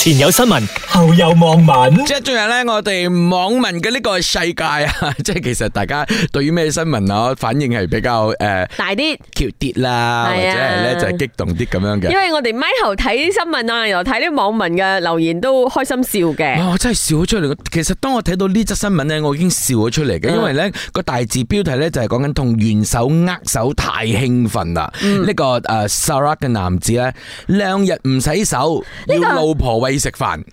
前有新聞，後有網民，即係仲有咧，我哋網民嘅呢個世界啊，即 係其實大家對於咩新聞啊，反應係比較誒、呃、大啲、橋啲啦，或者係咧就係、是、激動啲咁樣嘅。因為我哋咪頭睇新聞啊，又睇啲網民嘅留言都開心笑嘅。哇、哦，我真係笑咗出嚟！其實當我睇到呢則新聞咧，我已經笑咗出嚟嘅，因為咧、嗯、個大字標題咧就係講緊同元首握手太興奮啦。呢、嗯、個誒，砂拉越嘅男子咧，兩日唔洗手，要老婆喺食飯。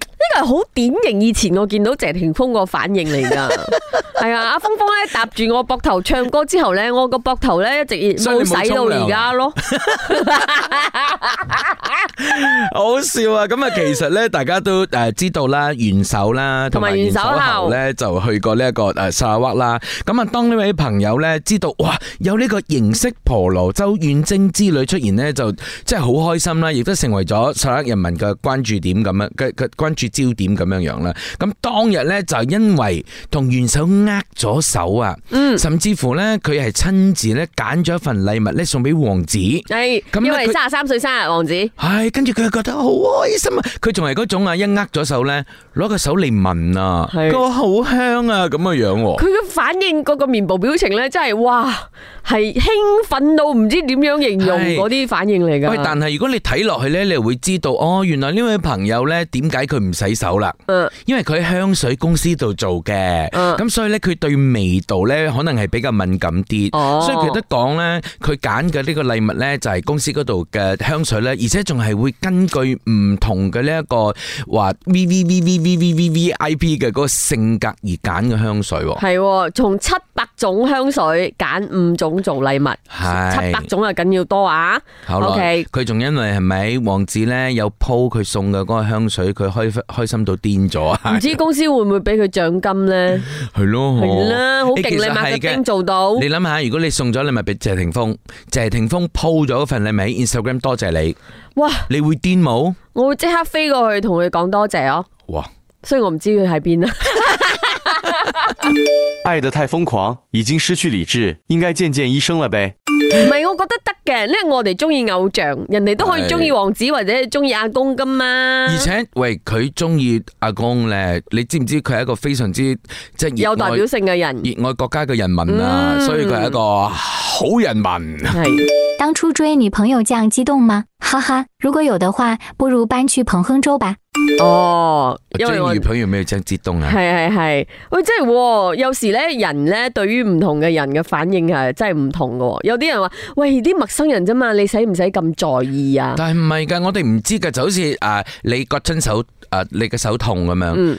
好典型，以前我見到謝霆鋒個反應嚟噶，係啊，阿峰峰咧搭住我膊頭唱歌之後咧，我個膊頭咧一直冇洗到而家咯，好笑啊！咁啊，其實咧，大家都誒知道啦，元首啦，同埋元首後咧就去過呢一個誒砂拉越啦。咁啊，當呢位朋友咧知道哇，有呢個形式婆羅洲遠征之旅出現咧，就真係好開心啦，亦都成為咗砂拉越人民嘅關注點咁樣嘅嘅關注之。焦點咁樣樣啦，咁當日咧就因為同元首握咗手啊，甚至乎咧佢係親自咧揀咗一份禮物咧送俾王子，係因為三十三歲生日王子，係跟住佢覺得好開心，佢仲係嗰種啊一握咗手咧攞個手嚟聞啊，個好香啊咁嘅樣，佢嘅反應嗰個面部表情咧真係哇係興奮到唔知點樣形容嗰啲反應嚟嘅，喂，但係如果你睇落去咧，你就會知道哦，原來呢位朋友咧點解佢唔使。手啦，嗯，因為佢喺香水公司度做嘅，嗯，咁所以咧佢對味道咧可能係比較敏感啲，哦，所以佢都講咧，佢揀嘅呢個禮物咧就係公司嗰度嘅香水咧，而且仲係會根據唔同嘅呢一個話 V V V V V V V I P 嘅嗰個性格而揀嘅香水，係，從七百種香水揀五種做禮物，係，七百種啊，梗要多啊，好啦，OK，佢仲因為係咪王子咧有 po 佢送嘅嗰個香水，佢開開。開心到癲咗啊！唔知公司會唔會俾佢獎金咧？係咯，好勁你馬格丁做到。你諗下，如果你送咗禮物俾謝霆鋒。謝霆鋒 po 咗一份禮物喺 Instagram 多謝你。哇！你會癲冇？我會即刻飛過去同佢講多謝哦。哇！所以我唔知佢喺邊啦。愛得太瘋狂，已經失去理智，應該見見醫生了唄。唔係，我覺得得嘅，因為我哋中意偶像，人哋都可以中意王子或者中意阿公噶嘛。而且喂，佢中意阿公咧，你知唔知佢係一個非常之即係有代表性嘅人，熱愛國家嘅人民啊，嗯、所以佢係一個好人民是。係 當初追女朋友這樣激動嗎？哈哈， 如果有的話，不如搬去彭亨州吧。哦，即係女朋友沒有咁激動啊？係係係，喂，即係，有時咧人咧對於唔同嘅人嘅反應係真係唔同嘅。有啲人話喂，啲陌生人啫嘛，你使唔使咁在意啊？但係唔係噶，我哋唔知噶，就好似誒、啊，你割親手誒、啊，你嘅手痛咁樣。嗯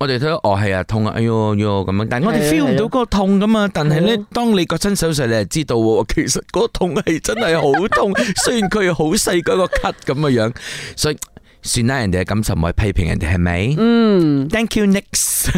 我哋都哦係啊痛啊哎喲喲咁樣，但係我哋 feel 唔到嗰個痛咁啊，但係咧、啊、當你割親手術，你係知道其實嗰個痛係真係好痛， 雖然佢係好細嗰個 cut 咁嘅樣，所以算啦，人哋嘅感受唔好批評人哋係咪？嗯，Thank you，Next。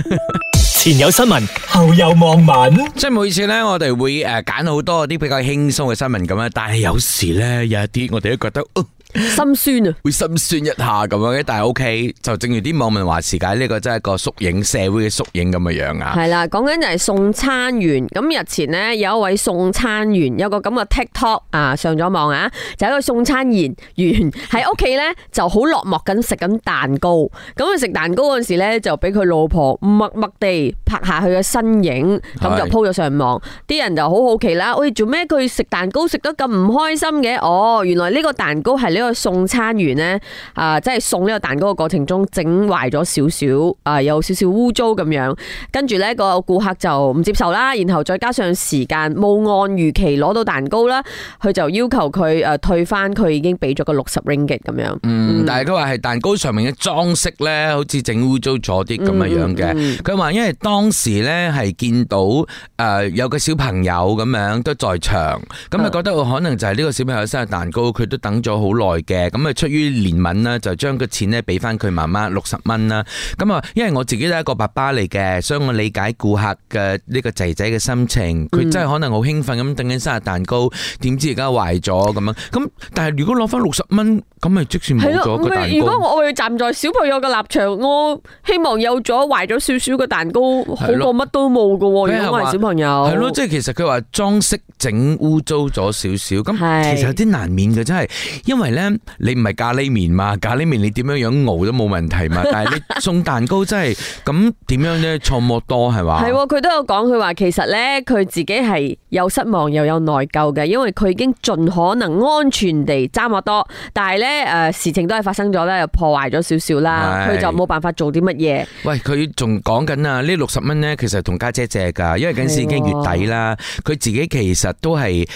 前有新聞，後有網民，即係 每次咧，我哋會誒揀好多啲比較輕鬆嘅新聞咁啊，但係有時咧有一啲我哋都覺得。哦心酸啊，會心酸一下咁樣嘅，但係 OK，就正如啲網民話事解呢個真係一個縮影，社會嘅縮影咁嘅樣啊。係啦，講緊就係送餐員。咁日前呢，有一位送餐員有個咁嘅 TikTok 啊上咗網啊，就係、一個送餐員員喺屋企呢，就好落寞咁食緊蛋糕。咁佢食蛋糕嗰時呢，就俾佢老婆默默地拍下佢嘅身影，咁就 po 咗上網。啲是的 人就好好奇啦，喂，做咩佢食蛋糕食得咁唔開心嘅？哦，原來呢個蛋糕係呢、呢個送餐員咧啊，即、呃、係送呢個蛋糕嘅過程中整壞咗少少啊、呃，有少少污糟咁樣，跟住咧、那個顧客就唔接受啦。然後再加上時間冇按預期攞到蛋糕啦，佢就要求佢誒退翻佢已經俾咗個六十 ringgit 咁樣。嗯，但係佢話係蛋糕上面嘅裝飾咧，好似整污糟咗啲咁樣樣嘅。佢話、嗯嗯、因為當時咧係見到誒、呃、有個小朋友咁樣都在場，咁啊覺得可能就係呢個小朋友生日蛋糕，佢都等咗好耐。嘅咁啊，出於憐憫啦，就將個錢咧俾翻佢媽媽六十蚊啦。咁啊，因為我自己都係一個爸爸嚟嘅，所以我理解顧客嘅呢個仔仔嘅心情。佢真係可能好興奮咁等緊生日蛋糕，點知而家壞咗咁樣。咁但係如果攞翻六十蚊，咁咪即算冇咗個蛋糕。如果我我要站在小朋友嘅立場，我希望有咗壞咗少少嘅蛋糕，好過乜都冇噶喎。如果我係小朋友，係咯，即係其實佢話裝飾整污糟咗少少，咁其實有啲難免嘅，真係因為。咧，你唔係咖喱麵嘛？咖喱麵你點樣樣熬都冇問題嘛。但係你送蛋糕真係咁點樣咧？錯莫多係嘛？係喎，佢都有講，佢話其實咧，佢自己係有失望又有內疚嘅，因為佢已經盡可能安全地揸莫多，但係咧誒，事情都係發生咗咧，又破壞咗少少啦。佢就冇辦法做啲乜嘢。喂，佢仲講緊啊，呢六十蚊咧，其實同家姐借噶，因為嗰時已經月底啦。佢自己其實都係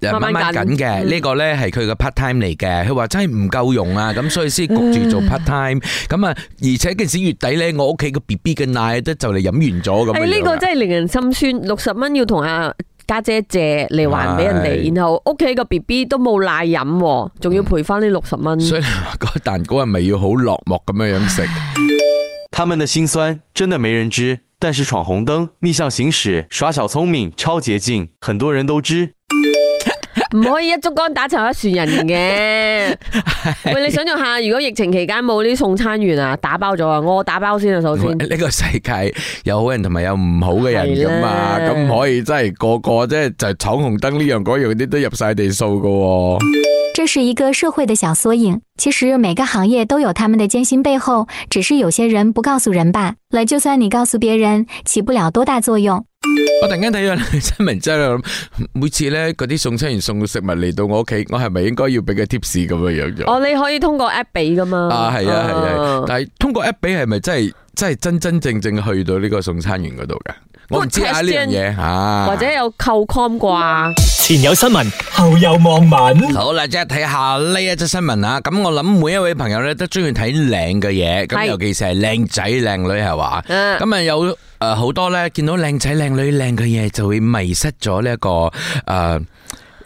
誒慢慢緊嘅，呢個咧係佢嘅 part time 嚟嘅。佢話真係唔夠用啊，咁所以先焗住做 part time。咁啊，而且嗰時月底咧，我屋企個 B B 嘅奶都就嚟飲完咗。係呢個真係令人心酸，六十蚊要同阿家姐借嚟還俾人哋，是 然後屋企個 B B 都冇奶飲，仲要賠翻呢六十蚊。所以個蛋糕係咪要好落寞咁樣樣食？他們的辛酸真的沒人知，但是闖紅燈、逆向行駛、耍小聰明、超捷徑，很多人都知。唔 可以一竹竿打沉一船人嘅， 是喂！你想象下，如果疫情期間冇啲送餐員啊，打包咗啊，我打包先啊，首先。呢個世界有好人同埋有唔好嘅人噶嘛，咁唔的可以真係個個即係就係闖紅燈呢樣嗰樣啲都入晒地數噶、啊。這是一個社會的小縮影。其實每個行業都有他們的艱辛，背後只是有些人不告訴人罷了。就算你告訴別人，起不了多大作用。我突然間睇到新聞真係，每次呢嗰啲送餐員送食物嚟到我屋企，我係咪應該要俾個 tips 咁嘅樣？哦，你可以通過 app 俾噶嘛？ 啊，係啊係啊，啊，但係通過 app 俾係咪真係真係真真正正去到呢個送餐員嗰度噶？我唔知下呢樣嘢吓，或者有扣 com 啩。前有新聞，後有網民。好啦，即係睇下呢一則新聞啊！咁我諗每一位朋友咧都中意睇靚嘅嘢，咁是尤其是係靚仔靚女係話。咁啊、嗯、有誒好、呃、多咧見到靚仔靚女靚嘅嘢就會迷失咗呢一個誒。呃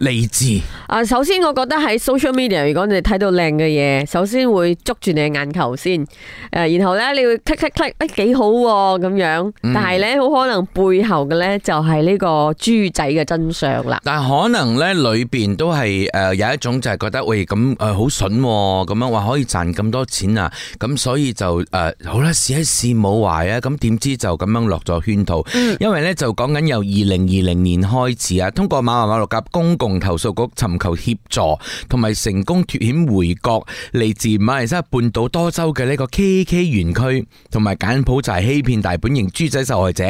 理智啊！首先，我覺得喺 social media，如果你睇到靚嘅嘢，首先會捉住你嘅眼球先。誒，然後咧，你會 click click click，誒幾好喎咁樣。但係咧，好可能背後嘅咧就係呢個豬仔嘅真相啦。但係可能咧裏邊都係誒有一種就係覺得，喂咁誒好筍咁樣，話可以賺咁多錢啊！咁所以就誒好啦，試一試冇壞啊！咁點知就咁樣落咗圈套，因為咧就講緊由二零二零年開始啊，通過馬馬六甲公同投訴局尋求協助，同埋成功脫險回國嚟自馬來西亞半島多州嘅呢個 KK 園區，同埋柬埔寨欺騙大本營豬仔受害者，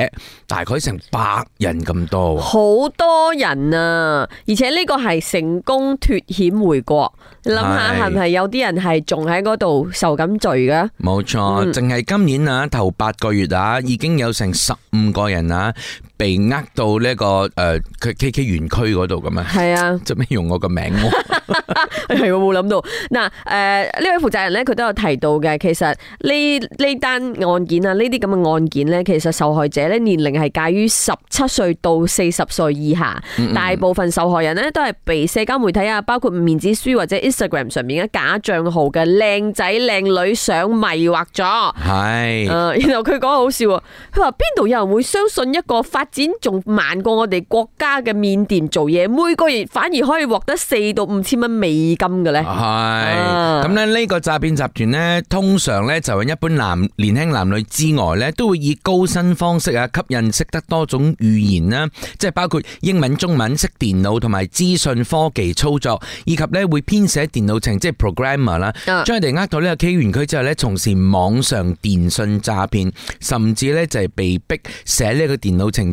大概成百人咁多，好多人啊！而且呢個係成功脫險回國，諗下係咪有啲人係仲喺嗰度受緊罪噶？冇錯，淨係今年啊頭八個月啊，已經有成十五個人啊。被呃到呢個誒佢 K K 園區嗰度咁樣係啊，做咩用我個名？係我冇諗到。嗱誒，呢位負責人咧，佢都有提到嘅。其實呢呢單案件啊，呢啲咁嘅案件咧，其實受害者咧年齡係介於十七歲到四十歲以下。大部分受害人咧都係被社交媒體啊，包括面子書或者 Instagram 上面嘅假賬號嘅靚仔靚女相迷惑咗。係啊，然後佢講好笑，佢話邊度有人會相信一個發展仲慢過我哋國家嘅緬甸做嘢，每個月反而可以獲得四到五千蚊美金嘅咧。係、啊，咁咧呢個詐騙集團咧，通常咧就係一般男年輕男女之外咧，都會以高薪方式啊吸引識得多種語言啦，即係包括英文、中文，識電腦同埋資訊科技操作，以及咧會編寫電腦程，即係 programmer 啦。將佢哋呃到呢個 K 園區之後咧，從事網上電信詐騙，甚至咧就係被逼寫呢個電腦程。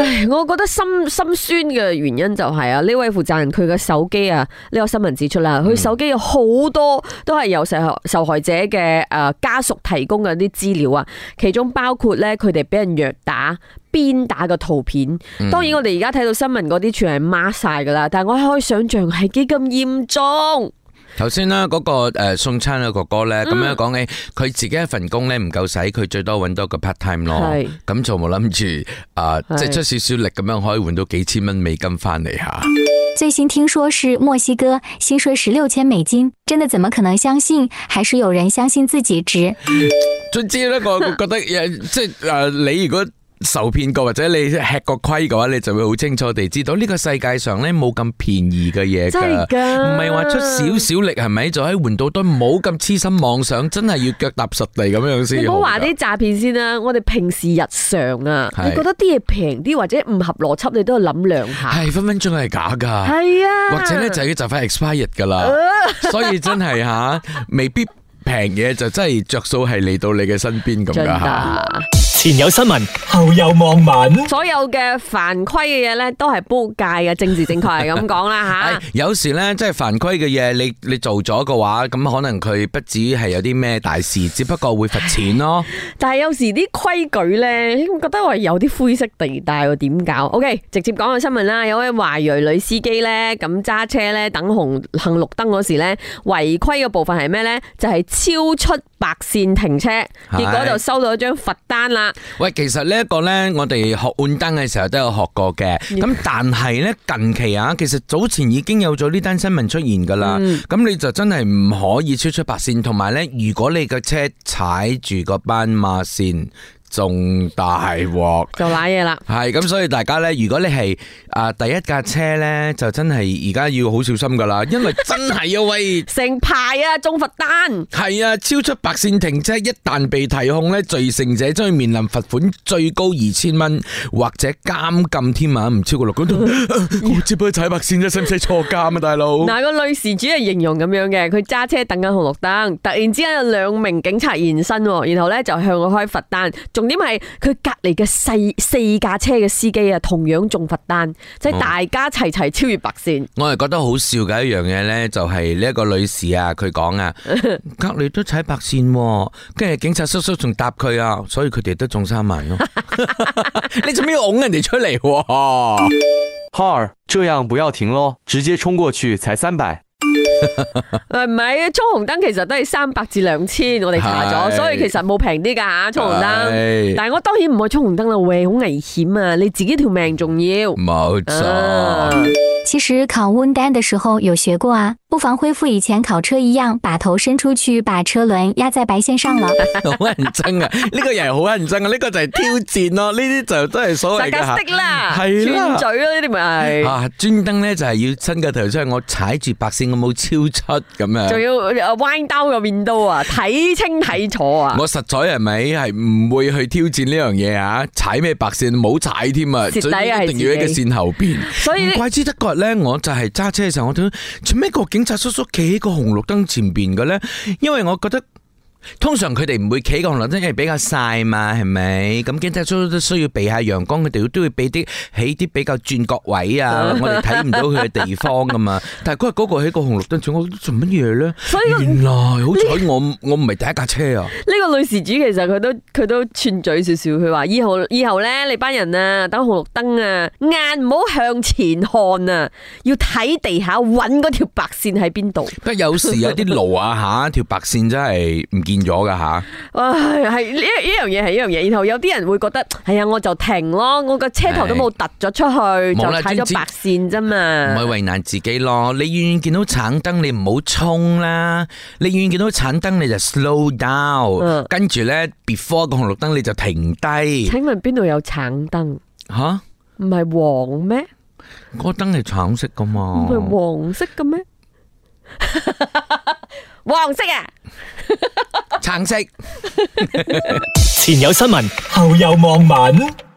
唉，我覺得心心酸嘅原因就係啊，呢位負責人佢嘅手機啊，呢個新聞指出啦，佢手機有好多都係由受害受害者嘅誒家屬提供嘅啲資料啊，其中包括呢，佢哋俾人虐打、鞭打嘅圖片。嗯、當然我哋而家睇到新聞嗰啲全係抹晒噶啦，但係我可以想象係幾咁嚴重。頭先啦，嗰個誒送餐嘅哥哥咧，咁樣講起佢自己一份工咧唔夠使，佢最多搵多個 part time 咯，咁是就冇諗住誒，呃、是即係出少少力咁樣可以換到幾千蚊美金翻嚟吓。下最新聽說是墨西哥薪水十六千美金，真的怎麼可能相信？還是有人相信自己值？ 總之咧，我我覺得、呃、即係誒、呃，你如果。受騙過或者你吃過虧嘅話，你就會好清楚地知道呢個世界上咧冇咁便宜嘅嘢噶，唔係話出少少力係咪就喺換到都冇咁痴心妄想，真係要腳踏實地咁樣好先、啊。我話啲詐騙先啦，我哋平時日常啊，是你覺得啲嘢平啲或者唔合邏輯，你都要諗兩下。係分分鐘係假噶，係啊，或者咧就要就翻 expire 噶啦， 所以真係吓、啊、未必。平嘢就真係着數係嚟到你嘅身邊咁噶吓，前有新聞，後有網民， 所有嘅犯規嘅嘢咧都係煲界嘅，政治正確係咁講啦吓。有時咧即係犯規嘅嘢，你你做咗嘅話，咁可能佢不止係有啲咩大事，只不過會罰錢咯。 但係有時啲規矩咧，覺得我有啲灰色地帶，我點搞？OK，直接講個新聞啦，有位華裔女司機咧咁揸車咧等紅行綠燈嗰時咧違規嘅部分係咩咧？就係、是。超出白線停車，結果就收到一張罰單啦。喂，其實呢一個呢，我哋學換燈嘅時候都有學過嘅。咁但係呢，近期啊，其實早前已經有咗呢單新聞出現噶啦。咁、嗯、你就真係唔可以超出白線，同埋呢，如果你嘅車踩住個斑馬線。仲大鑊、啊，就賴嘢啦。係咁， 所以大家呢，如果你係啊第一架車呢，就真係而家要好小心噶啦，因為真係啊喂，成排啊中罰單，係啊超出白線停車，一旦被提控呢，罪成者將要面臨罰款最高二千蚊或者監禁添啊，唔超過六個鐘。我接唔接踩白線啫，使唔使坐監啊，大佬？嗱個女事主係形容咁樣嘅，佢揸車等緊紅綠燈，突然之間有兩名警察現身，然後呢，就向我開罰單。重點係佢隔籬嘅四四架車嘅司機啊，同樣中罰單，即係大家齊齊超越白線。嗯、我係覺得好笑嘅一樣嘢呢，就係呢一個女士啊，佢講啊，隔籬都踩白線，啊，跟住警察叔叔仲答佢啊，所以佢哋都中三萬咯。 你做咩要拱人哋出嚟啊？哈， 這樣不要停咯，直接衝過去，踩三百。誒，唔係、 哎，衝紅燈其實都係三百至兩千，我哋查咗，所以其實冇平啲噶吓，衝紅燈。是但係我當然唔會衝紅燈啦，喂，好危險啊，你自己條命重要。冇錯錯。啊、其實考 one day 嘅時候有學過啊。不妨恢復以前考車一樣，把頭伸出去，把車輪壓在白線上了。好認真啊！呢、這個人係好認真啊！呢、這個就係挑戰咯，呢啲就都係所謂啊。識啦，係啦，轉嘴咯，呢啲咪啊，專登咧，就係要伸個頭出，我踩住白線，我冇超出咁啊。仲要啊，彎兜個面度啊，睇清睇楚啊。我實在係咪係唔會去挑戰呢樣嘢啊？踩咩白線冇踩添啊？在一定要喺個線後邊。所以怪之得嗰日咧，我就係揸車嘅時候，我都最屘警察叔叔企喺個紅綠燈前邊嘅咧，因為我覺得。通常佢哋唔會企個紅綠燈，因為比較曬嘛，係咪？咁警察都都需要避下陽光，佢哋都會俾啲喺啲比較轉角位啊，我哋睇唔到佢嘅地方㗎嘛。但係嗰個嗰個喺個紅綠燈處，我做乜嘢咧？原來好彩我我唔係第一架車啊！呢個女事主其實佢都佢都串嘴少少，佢話以後以後咧，你班人啊，等紅綠燈啊，眼唔好向前看啊，要睇地下搵嗰條白線喺邊度。不過有時有啲路啊吓，條白線真係唔見。咗噶吓，唉，係呢呢樣嘢，係一樣嘢。然後有啲人會覺得係啊，我就停咯，我個車頭都冇突咗出去，就踩咗白線啫嘛。唔好為難自己咯。你遠遠見到橙燈，你唔好衝啦。你遠遠見到橙燈，你就 slow down，跟住咧 before 個紅綠燈你就停低。請問邊度有橙燈？吓，唔係黃咩？嗰燈係橙色噶嘛？唔係黃色噶咩？黃色啊，橙色。 前有新聞，後有網民。